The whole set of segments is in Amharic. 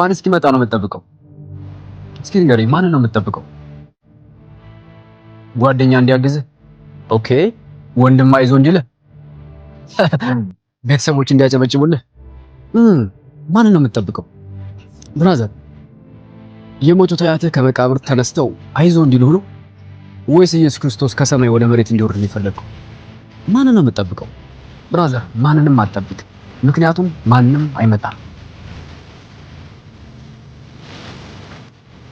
ማን እስኪመጣ ነው የምጠብቀው? እስኪ ንገረኝ፣ ማን ነው የምጠብቀው? ጓደኛ እንዲያግዝህ? ኦኬ። ወንድም አይዞ እንዲልህ? ቤተሰቦች እንዲያጨበጭቡልህ? ማን ነው የምጠብቀው? ብራዘር፣ የሞቱት አያትህ ከመቃብር ተነስተው አይዞ እንዲሉህ ነው ወይስ ኢየሱስ ክርስቶስ ከሰማይ ወደ መሬት እንዲወርድ ነው ማን ነው የምጠብቀው? ብራዘር፣ ማንንም አትጠብቅ፣ ምክንያቱም ማንም አይመጣም።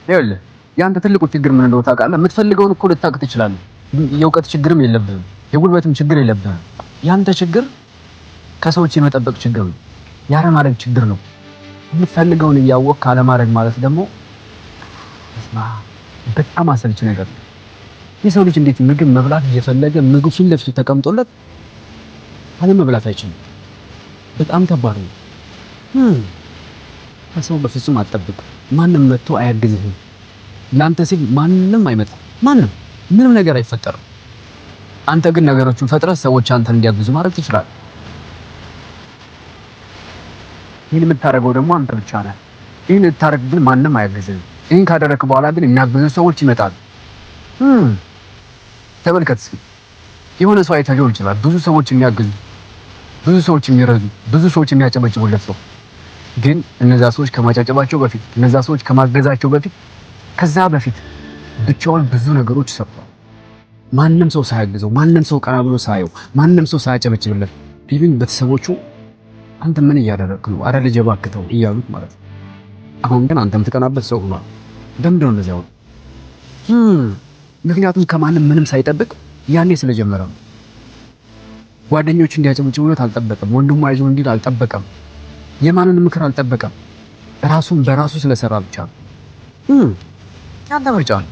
ይኸውልህ የአንተ ትልቁ ችግር ምን እንደሆነ ታውቃለህ? የምትፈልገውን እኮ ልታውቅ ትችላለህ። የእውቀት ችግርም የለብህም፣ የጉልበትም ችግር የለብህም። የአንተ ችግር ከሰዎች የመጠበቅ ችግር ነው፣ ያለማድረግ ችግር ነው። የምትፈልገውን እያወቅህ አለማድረግ ማለት ደግሞ በጣም አሰልች ነገር ነው። የሰው ልጅ እንዴት ምግብ መብላት እየፈለገ ምግብ ፊት ለፊቱ ተቀምጦለት አለመብላት አይችልም? በጣም ተባሩ ከሰው በፍጹም አትጠብቅ። ማንም መጥቶ አያግዝህም። ለአንተ ሲል ማንም አይመጣም። ማንም ምንም ነገር አይፈጠርም። አንተ ግን ነገሮችን ፈጥረህ ሰዎች አንተን እንዲያግዙ ማድረግ ትችላለህ። ይህን የምታደርገው ደግሞ አንተ ብቻ ነህ። ይህን ልታደርግ ግን ማንም አያግዝህም። ይህን ካደረግክ በኋላ ግን የሚያግዙ ሰዎች ይመጣሉ። ተመልከት እስኪ የሆነ ሰው አይተህ ሊሆን ይችላል። ብዙ ሰዎች የሚያግዙ፣ ብዙ ሰዎች የሚረዱ፣ ብዙ ሰዎች የሚያጨበጭቡለት ሰው ግን እነዛ ሰዎች ከማጫጨባቸው በፊት እነዛ ሰዎች ከማገዛቸው በፊት ከዛ በፊት ብቻውን ብዙ ነገሮች ሰርቷል። ማንም ሰው ሳያግዘው፣ ማንም ሰው ቀና ብሎ ሳየው፣ ማንም ሰው ሳያጨበጭብለት ኢቭን ቤተሰቦቹ አንተ ምን እያደረግክ ነው? አረ ልጅ ባክተው እያሉት ማለት ነው። አሁን ግን አንተ የምትቀናበት ሰው ሆኗል። ለምንድን ነው እንደዚያ? ምክንያቱም ከማንም ምንም ሳይጠብቅ ያኔ ስለጀመረ ነው። ጓደኞቹ እንዲያጨበጭቡለት አልጠበቀም። ወንድሙ አይዞህ እንዲል አልጠበቀም። የማንንም ምክር አልጠበቀም። ራሱን በራሱ ስለሰራ ብቻ ነው። ያንተ ምርጫ ነው።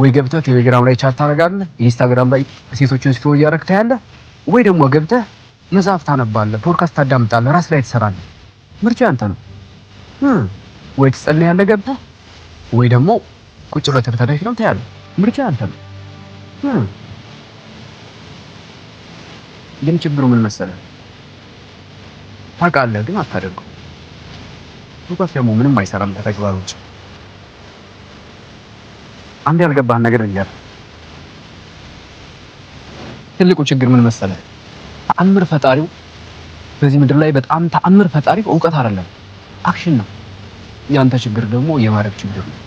ወይ ገብተህ ቴሌግራም ላይ ቻት ታደርጋለህ፣ ኢንስታግራም ላይ ሴቶችን ስቶሪ እያደረግህ ታያለህ፣ ወይ ደግሞ ገብተህ መጽሐፍ ታነባለህ፣ ፖድካስት ታዳምጣለህ፣ ራስ ላይ ትሰራለህ። ምርጫ ያንተ ነው። ወይ ትጸልያለህ ገብተህ፣ ወይ ደግሞ ቁጭ ብለህ ተፈታሽ ፊልም ታያለህ። ምርጫ ያንተ ነው። ግን ችግሩ ምን መሰለህ ታውቃለህ፣ ግን አታደርገው። ደግሞ ምንም አይሰራም ከተግባር ውጭ። አንድ ያልገባህን ነገር እንጃል። ትልቁ ችግር ምን መሰለህ? ተአምር ፈጣሪው በዚህ ምድር ላይ በጣም ተአምር ፈጣሪው እውቀት አይደለም አክሽን ነው። ያንተ ችግር ደግሞ የማድረግ ችግር ነው።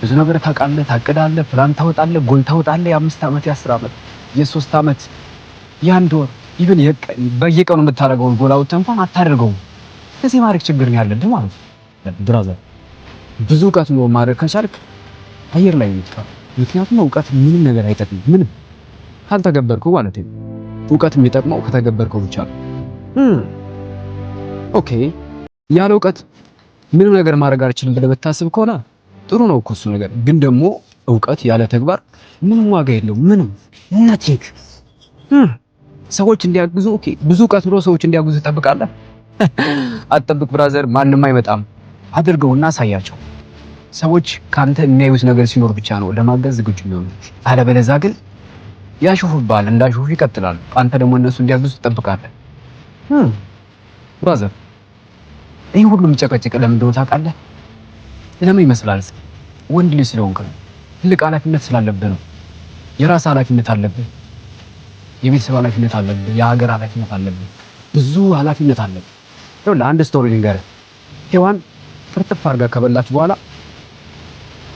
ብዙ ነገር ታውቃለህ፣ ታቅዳለህ፣ ፕላን ታወጣለህ፣ ጎል ታወጣለህ። የአምስት ዓመት የአስር ዓመት የሶስት ዓመት የአንድ ወር ይብን በየቀኑ የምታደርገውን ጎላውት እንኳን አታደርገውም። ከዚህ ማድረግ ችግር ነው ያለብህ ማለት ነው። ብራዘር ብዙ እውቀት ነው ማድረግ ከቻልክ አየር ላይ ነው። ምክንያቱም እውቀት ምንም ነገር አይጠቅም፣ ምንም ካልተገበርከው ማለት ነው። እውቀት የሚጠቅመው ከተገበርከው ብቻ ነው። ኦኬ ያለ እውቀት ምንም ነገር ማድረግ አልችልም ብለህ ብታስብ ከሆነ ጥሩ ነው እኮ እሱ ነገር። ግን ደግሞ እውቀት ያለ ተግባር ምንም ዋጋ የለውም፣ ምንም ነቲንግ ሰዎች እንዲያግዙ ኦኬ፣ ብዙ ብሎ ሰዎች እንዲያግዙ ትጠብቃለህ? አትጠብቅ ብራዘር፣ ማንም አይመጣም። አድርገውና አሳያቸው። ሰዎች ካንተ የሚያዩት ነገር ሲኖር ብቻ ነው ለማገዝ ዝግጁ የሚሆኑ። አለበለዛ ግን ያሾፉብሃል፣ እንዳሾፉ ይቀጥላሉ። አንተ ደግሞ እነሱ እንዲያግዙ ትጠብቃለህ። ብራዘር፣ ይህ ሁሉ ጨቀጭቅ ለምን እንደሆነ ታውቃለህ? ለምን ይመስላል? ወንድ ልጅ ስለሆንክ ነው። ትልቅ ኃላፊነት ስላለብህ ነው። የራስ ኃላፊነት አለብህ። የቤተሰብ ኃላፊነት አለብህ፣ የሀገር ኃላፊነት አለብህ፣ ብዙ ኃላፊነት አለብህ። ይኸውልህ አንድ ስቶሪ ልንገርህ። ሔዋን ፍርጥፍ አድርጋ ከበላች በኋላ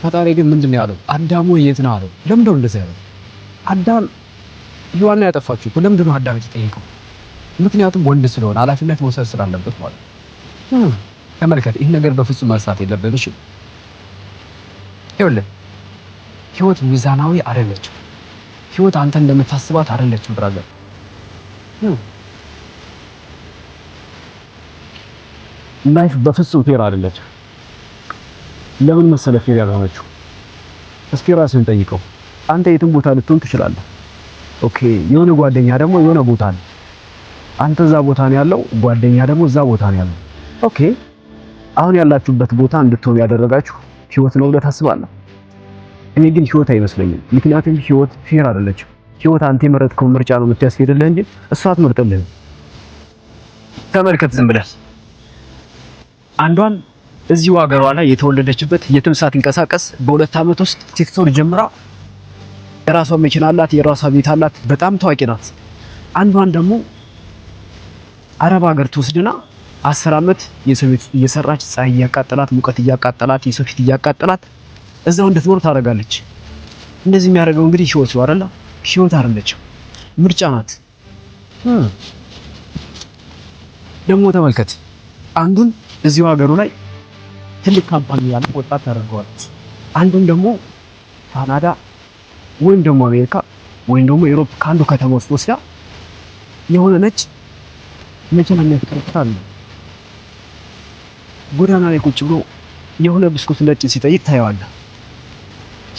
ፈጣሪ ግን ምንድን ነው ያለው? አዳሙ የት ነው አለው። ለምንድነው እንደዚህ ያለው? አዳም ሔዋን ነው ያጠፋችው እኮ አዳም የተጠየቀው? ምክንያቱም ወንድ ስለሆነ ኃላፊነት መውሰድ ስላለበት ማለት ነው። ተመልከት፣ ይህ ነገር በፍጹም መርሳት የለብህም። እሺ ይኸውልህ ህይወት ሚዛናዊ አይደለችም። ህይወት አንተ እንደምታስባት አይደለችም ብራዘር። ላይፍ በፍጹም ፌር አይደለች። ለምን መሰለ ፌር ያልሆነችው? እስኪ ራስህን ጠይቀው። አንተ የትም ቦታ ልትሆን ትችላለህ። ኦኬ የሆነ ጓደኛ ደግሞ የሆነ ቦታ ነው። አንተ እዛ ቦታ ነው ያለው፣ ጓደኛ ደግሞ እዛ ቦታ ነው ያለው። ኦኬ አሁን ያላችሁበት ቦታ እንድትሆን ያደረጋችሁ ህይወት ነው ብለህ ታስባለህ? እኔ ግን ህይወት አይመስለኝም። ምክንያቱም ህይወት ፌር አይደለችም። ህይወት አንተ የመረጥከው ምርጫ ነው የምታስኬድልህ እንጂ እሷ አትመርጥልህም። ተመልከት ዝም ብለህ አንዷን እዚሁ ሀገሯ ላይ የተወለደችበት የትም ሳትንቀሳቀስ በሁለት ዓመት ውስጥ ቲክቶክ ጀምራ የራሷ መኪና አላት፣ የራሷ ቤት አላት፣ በጣም ታዋቂ ናት። አንዷን ደግሞ አረብ ሀገር ትወስድና አስር ዓመት የሰራች ፀሐይ እያቃጠላት ሙቀት እያቃጠላት የሰው ፊት እያቃጠላት እዛው እንድትኖር ታደርጋለች። እንደዚህ የሚያደርገው እንግዲህ ህይወት ነው አይደል? ህይወት አይደለችም፣ ምርጫ ናት። ደግሞ ተመልከት፣ አንዱን እዚሁ ሀገሩ ላይ ትልቅ ካምፓኒ ያለ ወጣት ታደርገዋለች። አንዱን ደግሞ ካናዳ ወይም ደግሞ አሜሪካ ወይም ደግሞ ዩሮፕ ከአንዱ ከተማ ውስጥ ወስዳ የሆነ ነጭ መኪና አለ። ጎዳና ላይ ቁጭ ብሎ የሆነ ብስኩት ነጭ ሲጠይቅ ታየዋለህ።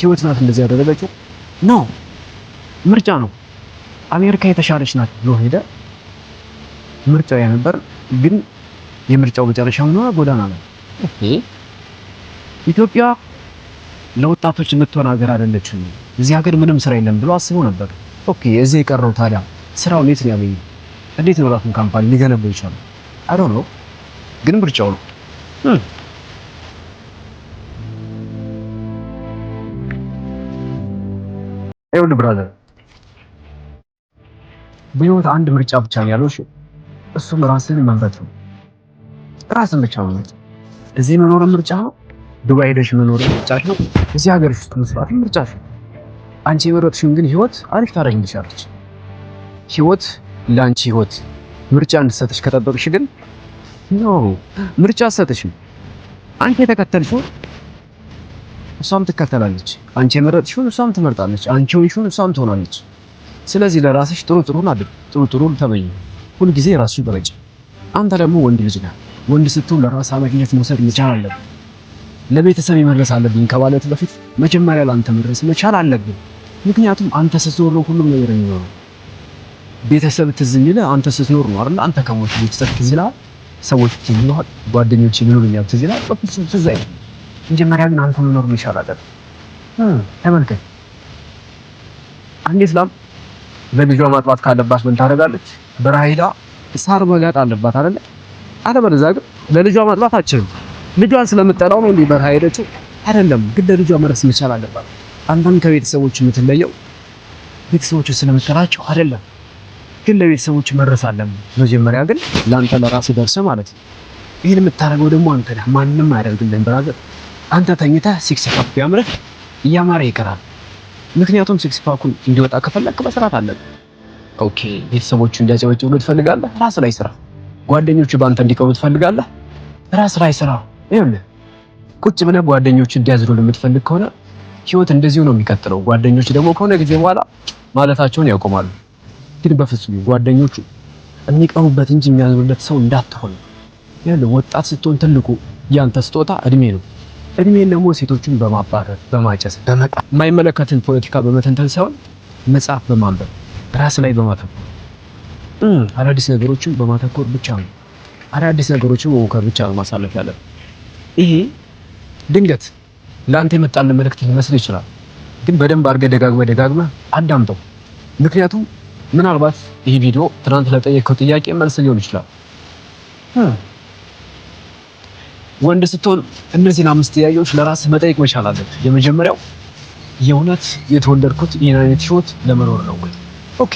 ህይወት ናት እንደዚህ ያደረገችው ነው። ምርጫ ነው። አሜሪካ የተሻለች ናት ብሎ ሄደ። ምርጫ ያ ነበር፣ ግን የምርጫው መጨረሻ ሆኖ ጎዳና ነው። ኢትዮጵያ ለወጣቶች የምትሆን ሀገር አይደለችም፣ እዚህ ሀገር ምንም ስራ የለም ብሎ አስቦ ነበር። ኦኬ እዚህ የቀረው ታዲያ ስራው የት ነው እንዴት ነው ራሱን ካምፓኒ ሊገነባ ይችላል? አይ ዶንት ኖ ግን ምርጫው ነው። ይኸውልህ ብራዘር፣ በህይወት አንድ ምርጫ ብቻ ነው ያለው። እሺ፣ እሱም ራስን መንፈት ነው። ራስን ብቻ መምረጥ። እዚህ መኖር ምርጫ ነው። ዱባይ ሄደሽ መኖር ምርጫ ነው። እዚህ ሀገር ውስጥ መስራት ምርጫ ነው። አንቺ የመረጥሽውን ግን ህይወት አሪፍ ታደርግልሻለች። ህይወት ለአንቺ ህይወት ምርጫ እንድትሰጥሽ ከጠበቅሽ ግን ኖ ምርጫ አትሰጥሽም። አንቺ የተከተልሽው እሷም ትከተላለች። አንቺ የመረጥሽውን እሷም ትመርጣለች። አንቺ የሆንሽውን እሷም ትሆናለች። ስለዚህ ለራስሽ ጥሩ ጥሩን አድርግ፣ ጥሩ ጥሩን ተመኝ። ሁልጊዜ ራስሽ በረጭ። አንተ ደግሞ ወንድ ልጅ ነህ። ወንድ ስትሆን ለራስ ኃላፊነት መውሰድ መቻል አለብን። ለቤተሰብ መድረስ አለብን ከማለት በፊት መጀመሪያ ለአንተ መድረስ መቻል አለብን። ምክንያቱም አንተ ስትኖር ነው ሁሉም ነገር የሚኖረው። ቤተሰብ ትዝ የሚልህ አንተ ስትኖር ነው አይደል? አንተ ከሞት ቤተሰብ ትዝ ይልሃል፣ ሰዎች ትዝ ይልሃል፣ ጓደኞች ይኖሩኛል ትዝ ይልሃል። በፍጹም ትዝ አይልም። መጀመሪያ ግን አንተ መኖር መቻል አለብህ። ተመልከት፣ አንዲት ላም ለልጇ ማጥባት ካለባት ምን ታደርጋለች? በረሃ ሳር መጋጥ አለባት አይደል? አለበለዚያ ግን ለልጇ ማጥባት አችልም። ልጇን ስለምጠላው ነው እንዴ በረሃ ሄደችው? አይደለም፣ ግን ለልጇ መድረስ መቻል አለባት። አንተም ከቤተሰቦች የምትለየው ቤተሰቦቹ ስለምጠላቸው አይደለም፣ ግን ለቤተሰቦች መድረስ አለብህ። መጀመሪያ ግን ለአንተ ለራስህ ደርሰህ ማለት ነው። ይህን የምታደርገው ደግሞ አንተ ነህ፣ ማንም አያደርግልህም ብራዘር አንተ ተኝተህ ሲክስ ፓክ ቢያምርህ እያማረ ይቀራል። ምክንያቱም ሲክስ ፓኩን እንዲወጣ ከፈለክ መስራት አለብህ። ኦኬ፣ ቤተሰቦቹ እንዲያጨበጭ ትፈልጋለህ? ራስ ላይ ስራ። ጓደኞቹ በአንተ እንዲቀሩ ትፈልጋለህ? ራስ ላይ ስራ። ይኸውልህ ቁጭ ብለህ ጓደኞቹ እንዲያዝሉ ለምትፈልግ ከሆነ ህይወት እንደዚሁ ነው የሚቀጥለው። ጓደኞች ደግሞ ከሆነ ጊዜ በኋላ ማለታቸውን ያቆማሉ። ግን በፍጹም ጓደኞቹ የሚቀሩበት እንጂ የሚያዝሩለት ሰው እንዳትሆን። ይኸውልህ ወጣት ስትሆን ትልቁ ያንተ ስጦታ እድሜ ነው። እድሜን ደግሞ ሴቶችን በማባረር በማጨስ የማይመለከትን ፖለቲካ በመተንተን ሳይሆን መጽሐፍ በማንበብ ራስ ላይ በማተኮር አዳዲስ ነገሮችን በማተኮር ብቻ ነው። አዳዲስ ነገሮችን በሞከር ብቻ ነው ማሳለፍ ያለ ይሄ ድንገት ለአንተ የመጣልን መልእክት ሊመስል ይችላል፣ ግን በደንብ አድርገህ ደጋግመህ ደጋግመህ አዳምጠው። ምክንያቱም ምናልባት ይህ ቪዲዮ ትናንት ለጠየቀው ጥያቄ መልስ ሊሆን ይችላል። ወንድ ስትሆን እነዚህን አምስት ጥያቄዎች ለራስህ መጠየቅ መቻል አለብህ። የመጀመሪያው የእውነት የተወለድኩት ይህን አይነት ህይወት ለመኖር ነው ወይ? ኦኬ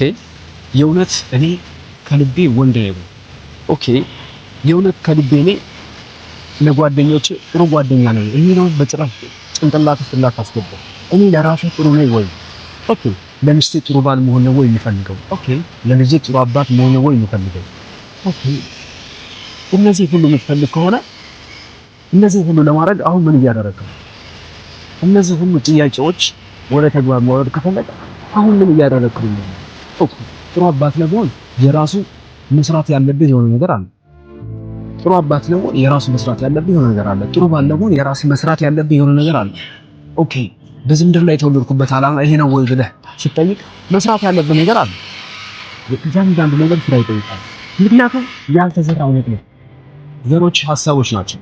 የእውነት እኔ ከልቤ ወንድ ነኝ። ኦኬ የእውነት ከልቤ እኔ ለጓደኞች ጥሩ ጓደኛ ነኝ የሚለውን በጭራሽ ጭንቅላት ውስጥ እንዳታስገባ። እኔ ለራሴ ጥሩ ነኝ ወይ? ኦኬ ለሚስቴ ጥሩ ባል መሆን ነው ወይ የሚፈልገው? ኦኬ ለልጄ ጥሩ አባት መሆን ነው ወይ የሚፈልገው? ኦኬ እነዚህ ሁሉ የምትፈልግ ከሆነ እነዚህ ሁሉ ለማድረግ አሁን ምን እያደረግ ነው? እነዚህ ሁሉ ጥያቄዎች ወደ ተግባር ማውረድ ከፈለግ አሁን ምን እያደረግ ነው? ኦኬ ጥሩ አባት ለመሆን የራሱ መስራት ያለብህ የሆነ ነገር አለ። ጥሩ አባት ለመሆን የራሱ መስራት ያለብህ የሆነ ነገር አለ። ጥሩ ባል ለመሆን የራሱ መስራት ያለብህ የሆነ ነገር አለ። ኦኬ በዚህ ምድር ላይ የተወለድኩበት አላማ ይሄ ነው ወይ ብለህ ስጠይቅ መስራት ያለብህ ነገር አለ። እያንዳንዱ ነገር ስራ ይጠይቃል። ምክንያቱም ያልተዘራ ነው ዘሮች ሀሳቦች ናቸው።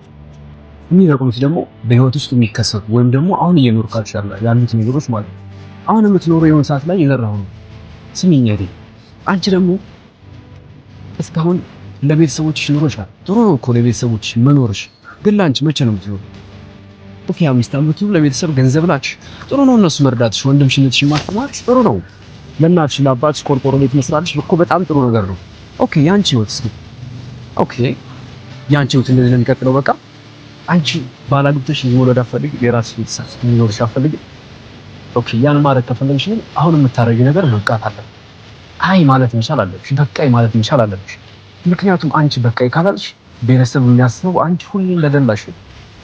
የሚጠቅሙት ደግሞ በህይወት ውስጥ የሚከሰቱ ወይም ደግሞ አሁን እየኖር ካልሻለ ያሉት ነገሮች ማለት ነው። አሁን የምትኖረው የሆነ ሰዓት ላይ የዘራሁ ነው። ስሚኝ አይደል አንቺ ደግሞ እስካሁን ለቤተሰቦችሽ ኖሮሻል። ጥሩ ነው እኮ ለቤተሰቦችሽ መኖርሽ፣ ግን ለአንቺ መቼ ነው የምትኖር? ኦኬ አምስት አመት ዓመቱ ለቤተሰብ ገንዘብ ናች። ጥሩ ነው እነሱ መርዳትሽ፣ ወንድምሽነትሽ ማስተማርሽ ጥሩ ነው። ለእናትሽ ለአባትሽ ቆርቆሮ ቤት መስራትሽ እኮ በጣም ጥሩ ነገር ነው። ኦኬ ያንቺ ህይወት ኦኬ ያንቺ ህይወት እንደዚህ ነው የሚቀጥለው በቃ አንቺ ባላግብተሽ መውለድ አትፈልጊም፣ የራስሽ ቤተሰብ እንዲኖርሽ አትፈልጊም። ኦኬ፣ ያን ማድረግ ከፈለግሽ ግን አሁን የምታደርጊው ነገር መብቃት አለ። አይ ማለት መቻል አለብሽ፣ በቃይ ማለት መቻል አለብሽ። ምክንያቱም አንቺ በቃይ ካላልሽ ቤተሰብ የሚያስበው አንቺ ሁሌ እንደደላሽ፣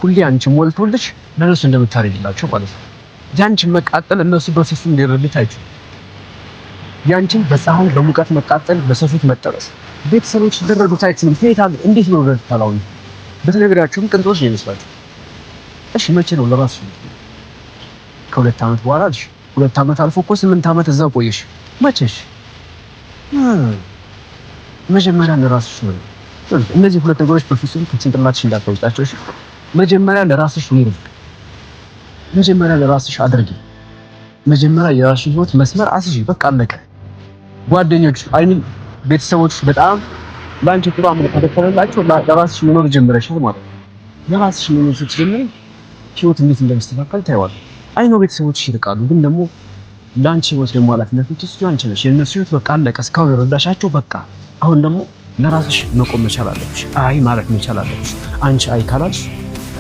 ሁሌ አንቺ ሞልቶልሽ ለነሱ እንደምታደርጊላቸው ማለት ነው። ያንቺን መቃጠል እነሱ በሰፊ እንዲረዱት አይችሉም። ያንቺን በፀሐይ በሙቀት መቃጠል፣ በሰፊት መጠበስ ቤተሰቦች ሊረዱት አይችሉም። እንዴት ነው በተነግራችሁም ቅንጦስ ነው ይመስላችሁ። እሺ መቼ ነው ለራስሽ ከሁለት ዓመት በኋላ አልሽ። ሁለት ዓመት አልፎ እኮ ስምንት ዓመት እዛ ቆየሽ። መቼሽ መጀመሪያ ለራስሽ ነው። እነዚህ ሁለት ነገሮች በፍጹም ከጭንቅላትሽ እንዳታወጣቸው እሺ። መጀመሪያ ለራስሽ ኑሪ። መጀመሪያ ለራስሽ አድርጊ። መጀመሪያ የራስሽ ህይወት መስመር አስይሽ። በቃ አለቀ። ጓደኞች አይ ሚን ቤተሰቦች በጣም ለአንቺ ጥሩ አምል ከተከፈለላችሁ ለራስሽ መኖር ጀምረሻል ማለት ነው። ለራስሽ መኖር ስትጀምሪ ህይወት እንዴት እንደሚስተካከል ታይዋል። አይ ነው ቤተሰቦችሽ ይርቃሉ፣ ግን ደግሞ ለአንቺ ህይወት ደግሞ ኃላፊነት ውስጥ አንቺ ነሽ። የእነሱ ህይወት በቃ አለቀ፣ እስካሁን የረዳሻቸው በቃ። አሁን ደግሞ ለራስሽ መቆም መቻል አለብሽ። አይ ማለት መቻል አለብሽ። አንቺ አይ ካላልሽ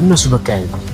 እነሱ በቃ ያይናል።